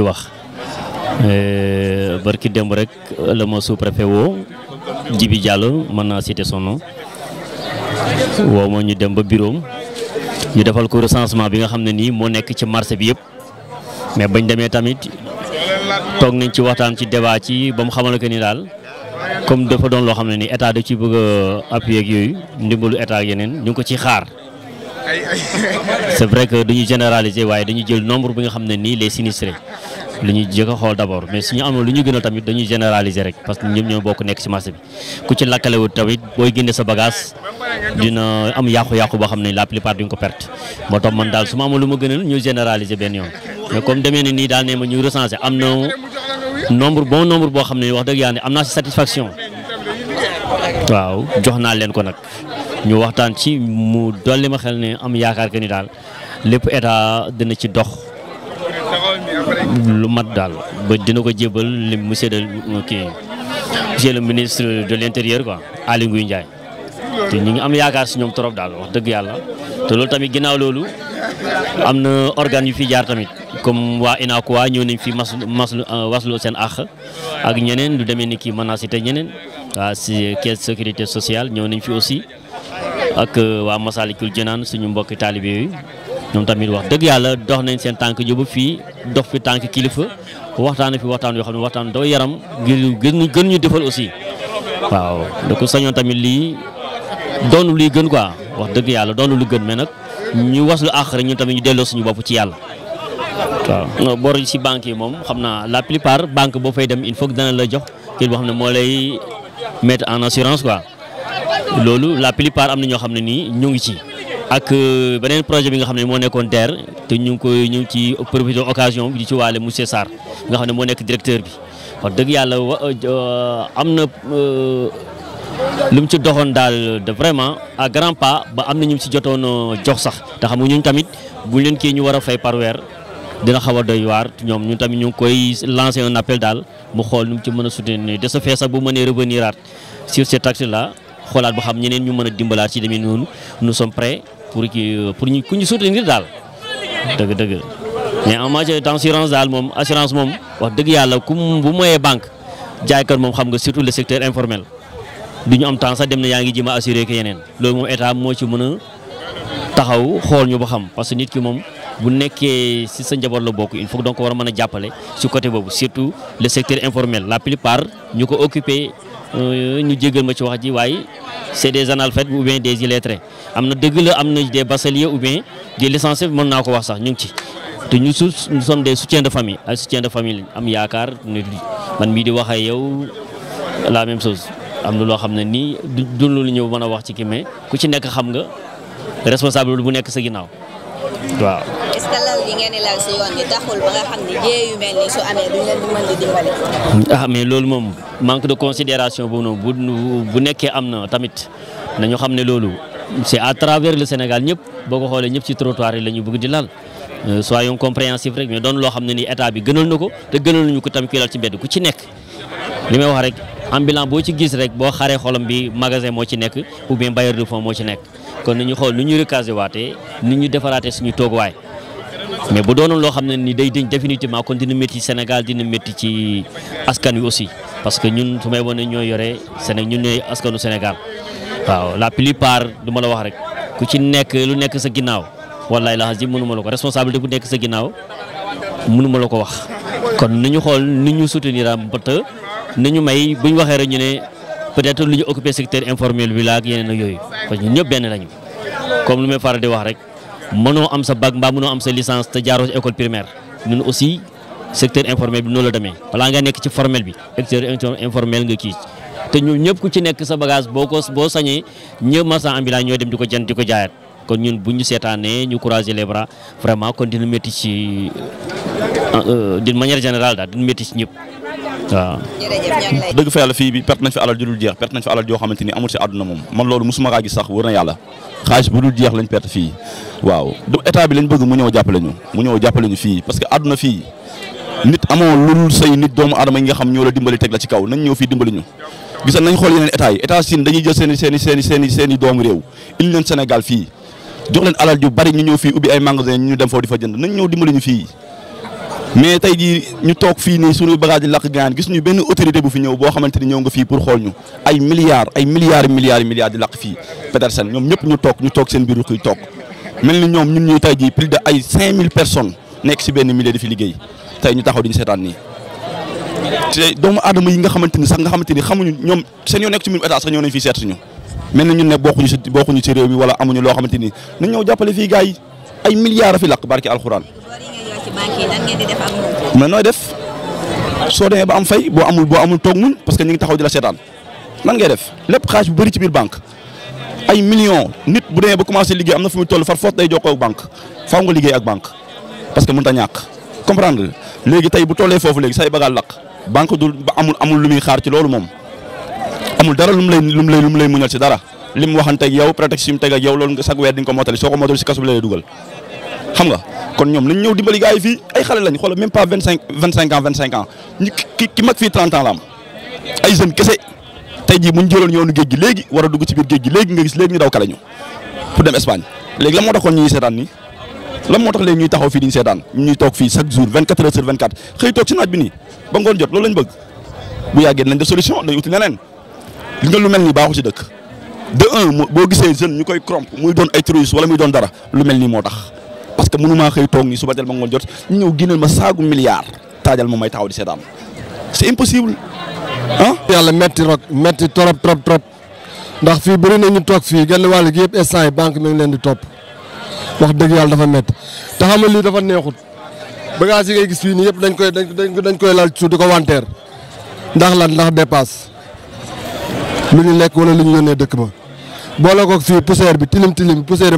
di wax eh, barki demb rek la ma sous préfet woo Jibi Diallo mën naa citer son woo moo ñu dem ba bureau ñu defal ko recensement bi nga xam ne nii moo nekk ci marché bi yëpp mais bañ demee tamit toog nañ ci waxtaan ci débat ci ba mu xamal que ni daal comme dafa doon loo xam ne nii état da ci bëgg a appuyer yooyu ndimbalu état yeneen ñu ko ci xaar c'est vrai que duñu généralisé waaye dañu jël nombre bi nga xam ne nii les sinistrés lu ñu jëkk a xool d'abord mais suñu amoon lu ñu gën a tamit dañuy généraliser rek parce que ñoom ñoo bokk nekk ci marché bi ku ci lakkalewut tamit booy génne sa bagage dina am yàqu-yàqu boo xam ne la plupart duñ ko perte moo tax man daal su ma amoon lu ma gënal ñu généraliser benn yoon mais comme demee ne nii daal ne ma ñu recenser am na nombre bon nombre boo xam ne wax dëgg yàlla ne am naa ci satisfaction waaw jox naa leen ko nag ñu waxtaan ci mu dolli ma xel ne am yaakaar que ni daal lépp état dina ci dox lu mat daal ba dina ko jébal li monsieur de kii le ministre de l' intérieur quoi Aly Ngouille Ndiaye te ñu ngi am yaakaar si ñoom trop daal wax dëgg yàlla te loolu tamit ginnaaw loolu am na organes yu fi jaar tamit comme waa INACOA ñëw nañ fi mas mas waslu seen àq ak ñeneen lu demee ni kii mën te ñeneen waa si caisse sécurité sociale ñëw nañ fi aussi ak euh, waa Masalikul Jinaan suñu mbokki taalibe yooyu ñoom tamit wax dëgg yàlla dox nañ seen tànk jub fii dox fi tànk kilifa waxtaan fi waxtaan yoo xam ne waxtaan doo yaram ngir gën gën ñu defal aussi da ko sañoon tamit lii doonu luy gën quoi wax dëgg yàlla doonu lu gën mais nag ñu waslu àq rek ñun tamit ñu delloo suñu bopp ci yàlla waaw. bor yi si banque yi moom xam naa la plupart banque boo fay dem il faut dana la jox kii boo xam ne moo lay mettre en assurance quoi. loolu la plupart am na ñoo xam ne nii ñu ngi ci ak euh, beneen projet bi nga xam ne moo nekkoon DER te ñu ngi koy ñu ci profité occasion bi di ci waale monsieur Sarr nga xam ne moo nekk directeur bi wax dëgg yàlla euh, am na euh, lu mu ci doxoon daal de vraiment à grand pas ba am na ñu ci jotoon jox sax te xam nga ñun tamit buñ leen kii ñu wara fay par weer dina xaw a doy waar ñoom ñu tamit ñu ngi koy lancer un appel daal mu xool nu mu ci mën a soutenir de ce a sax bu mënee revenir aat xoolaat ba xam ñeneen ñu mën a dimbalaat ci demee noonu nous sommes pour que pour ñu ku ñu daal dëgg dëgg mais en matière d'assurance surtout le secteur informel du ñu am temps sax dem na yaa ngi jëm a assuré que yeneen loolu moom état moo ci mën a taxaw xool ñu ba xam parce que nit ki moom bu nekkee si sa njaboot la bokk il faut donc war a mën a jàppale su côté boobu surtout le secteur informel la plupart ñu ko occupé Euh, ñu jégal ma ci wax ji waaye c'est des analphabètes ou bien des illettrés am na dëgg la am na des bacheliers ou bien des licenciés mën naa ko wax sax ñu ngi ci te ñu su nous sommes des soutiens de famille ay soutien de famille am yaakaar nit man mii di wax ak yow la même chose am na loo xam ne nii du lu ñëw mën a wax ci kii ku ci nekk xam nga responsable bu nekk sa ginnaaw waaw talaw xam ne ah, loolu moom manque de considération boobu noonu bu nekkee am na tamit nañu xam ne loolu c' est à travers le Sénégal ñëpp boo ko xoolee ñëpp ci trottoir yi la ñu bëgg di lal. Euh, soyons compréhensifs rek mais doon loo xam ne nii état bi gënal na ko te gënal nañu ko tamit kuy lal ci mbedd ku ci nekk li may wax rek. ambulant boo ci gis rek boo xaree xolam bi magasin moo ci nekk ou bien bailleur de moo ci nekk kon ni ñu xool nu ñu recasé waatee nu ñu defaraatee suñu tooguwaay mais bu doon loo xam ne ni day diñ définitivement kon dina métti Sénégal dina métti ci askan wi aussi parce que ñun su may wane ñoo yore Séné ñun ñooy askanu Sénégal waaw la plupart du ma la wax rek ku ci nekk lu nekk sa ginnaaw wallaay la xas ji mënu ma la ko responsabilité bu nekk sa ginnaaw mënuma la ko wax. kon ni ñu xool ni ñu soutenir am ba te ni ñu may bu ñu waxee rek ñu ne peut-être lu ñu occupé secteur informel bi la ak yeneen ak yooyu ñun ñëpp benn lañu comme lu may wax rek. mënoo am sa bac mbaa mënoo am sa licence te jaaroo ci école primaire ñun aussi secteur informel bi noonu la demee balaa nga nekk ci formel bi secteur informel nga kii te ñun ñëpp ku ci nekk sa bagage boo ko boo sañee ñëpp marchand ambulant ñoo dem di ko jënd di ko jaayaat kon ñun bu ñu seetaanee ñu croiser les bras vraiment continuer métti ci Euh, euh, d'une manière générale daal dina métti ci ñëpp waaw. dëgg fa yàlla fii bi perte nañ fi alal ju dul jeex perte nañ fi alal joo xamante ni amul si àdduna moom man loolu mosuma kaa gis sax wër lañ perte fii waaw du état bi lañ bëgg mu ñëw jàppale ñu mu ñëw jàppale ñu fii parce que àdduna fii nit amoo lul say nit doomu aadama yi nga xam ñoo la dimbali teg la ci kaw nañ ñëw fii dimbali ñu. gisal nañ xool yeneen état yi état dañuy jël seen seeni seen seeni seen i seen i seen doomu réew indi Sénégal fii jox leen alal ju bari ñu ñëw fii ubbi ay magasin ñu dem foofu di fa jënd nañ ñëw dimbali ñu fii mais tey jii ñu toog fii nii suñu bagage di lakk gaan gis ñu autorité bu fi ñëw boo xamante ni ñëw nga fii pour xool ñu ay milliards ay milliards di lakk fii Petersen ñoom ñëpp ñu toog ñu toog seen biiru kuy toog mel ni ñoom ñun ñuy tey jii plus de ay 5000 personnes si benn milieu fi liggéey tey ñu taxaw di ñu seetaan nii te doomu yi nga xamante ni sax nga xamante ni xamuñu ñoom seen yoo nekk ci mbirum état sax ñoo nañ fii seet suñu mel na ñun ne bokkuñu si bokkuñu si réew mi wala amuñu loo xamante ni nañ ñëw jàppale fii gars yi ay milliards a fi lakk barki alxuraan ci def ak moom. nooy def soo demee ba am fay boo amul boo amul toog mun parce que ñu ngi taxaw di la seetaan nan ngay def lépp xaalis bu bari ci biir banque ay millions nit bu demee ba commencé liggéey am na fu muy toll far force day jokkoo ak banque faaw nga liggéey ak banque parce que mënut a ñàkk comprendre léegi tey bu tollee foofu léegi say bagaal lakk banque du amul lu muy xaar ci loolu moom amul dara lu mu lay lu muñal ci dara lim mu teg ak yow loolu xam nga kon ñoom nañ ñëw dimbali gars yi fii ay xale lañ xoolal même pas vingt cinq vingt cinq ans vingt cinq ans ki mag fii trente ans ay jeunes kese tey jii bu ñu jëloon yoonu géej gi léegi war a dugg ci biir géej gi léegi nga gis léegi ñu daw kale ñu pour dem Espagne léegi la moo taxoon ñuy seetaan nii lan moo tax léegi ñuy taxaw fii di ñu seetaan ñuy toog fii chaque jour 24 heures sur 24 xëy toog ci naaj bi nii ba ngoon jot loolu lañ bëgg bu yàggee nañ def solution day uti dëkk de boo gisee jeune ñu koy crompe muy doon ay terroriste wala muy doon dara lu mel nii moo tax parce que mënu maa xëy toog nii suba teel ba ngoon jot ñu ñëw génneel ma saagu milliard taajal ma may taxaw di seetaan c'est impossible ah. yàlla metti rog metti trop trop ndax fii bëri na ñu toog fii genn wàll gi yëpp instant yi banque mi ngi leen di topp wax dëgg yàlla dafa metti te xam nga dafa neexut bagage yi ngay gis fii nii yëpp dañ koy dañ koy laal suuf di ko wanteer ndax lan ndax dépasse lu ñu lekk wala lu ñu yónnee dëkk ba boole koog fii poussière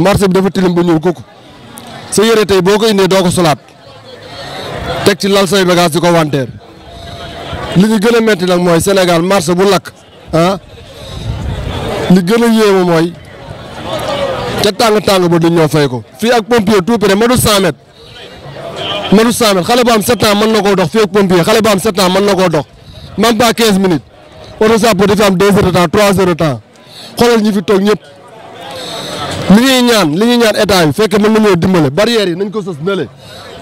marché bi dafa tilim bu ñuul kooku sa yére tey boo ko indee doo ko solaat teg ci lal say bagage di ko wanteer li ñu gën a metti nag mooy Sénégal marché bu lakk ah li gën a yéemu mooy ca tàng-tàng ba duñ ñoo fay ko fii ak pompier tout près ma du 100 mètres ma du 100 mètres xale bu am mën na koo dox fii ak pompier xale bu am 7 ans mën na koo dox même pas 15 minutes oto sàpp dafa am 2 heures de temps 3 heures de temps xoolal ñi fi toog ñëpp li ñuy ñaan li ñuy ñaan état bi fekk mën nañoo dimbale barrières yi nañ ko sës nële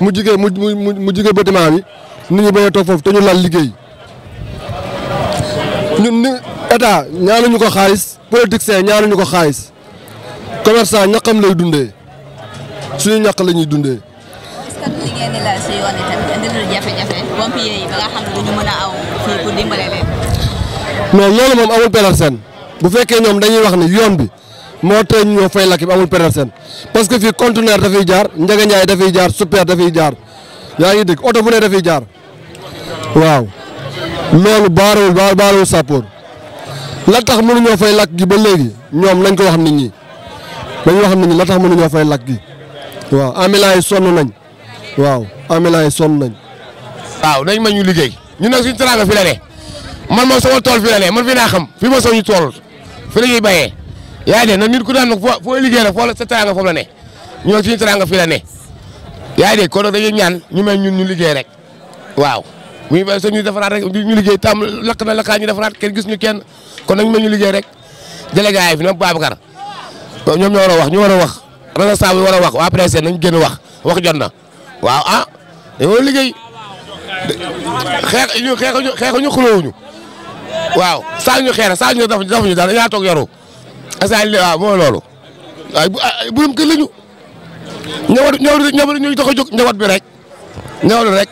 mu jigee mu mu mu jigee bâtiment bi nit ñi bañ a toog foofu te ñu laal liggéey ñun ni état ñaanuñu ko xaalis politiciens ñaanuñu ko xaalis commerçant ñaqam lay dundee suñu ñaq lañuy ñuy dundee. askan wi yi ba nga xam ne du ñu aw fii pour leen. loolu moom amul pexe seen bu fekkee ñoom dañuy wax ne yoon bi. moo teeñ ñoo fay lakk bi amul période seen parce que fii conteneur dafay jaar njaganjaay dafay jaar super dafay jaar yaa ngi dégg oto bu ne dafay jaar waaw loolu baarawul baarawul sàppoor la tax mënuñoo fay lakk gi ba léegi ñoom nañ ko wax nit ñi nañ wax nit ñi la tax mënuñoo fay lakk gi waaw ambulant yi sonn nañ waaw ambulant yi sonn nañ. waaw nañ ma ñu liggéey ñu nag suñu teraanga fi la ne man moom sama tool fi la ne man fi naa xam fi ma soog ñu tool fi la ñuy bayee yaa ngi dégg nag nit ku daan nag foo foo liggéey rek foo la sa teraanga foofu la ne ñoo suñu teraanga fii la ne yaa ngi dégg kon nag dañuy ñaan ñu may ñun ñu liggéey rek waaw muy ba so ñu defaraat rek ñu liggéey tam lakk na lakkaa ñu defaraat kenn gis ñu kenn kon nag ñu may ñu liggéey rek délégué yi fi na Babacar ñoom ñoo war wax ñu war a wax responsable war a wax waa presse nañ gën wax wax jot na waaw ah dañoo liggéey xeex ñu xeexuñu xulóowuñu waaw saa ñu xeer saa ñu def defuñu daal dañaa toog yoru asaal li waaw mooy loolu waaye bu ah borom kër la ñu ñëwatu ñëwatu ñëwatu ñu dox a jóg ñëwat bi rek ñëwatu rek.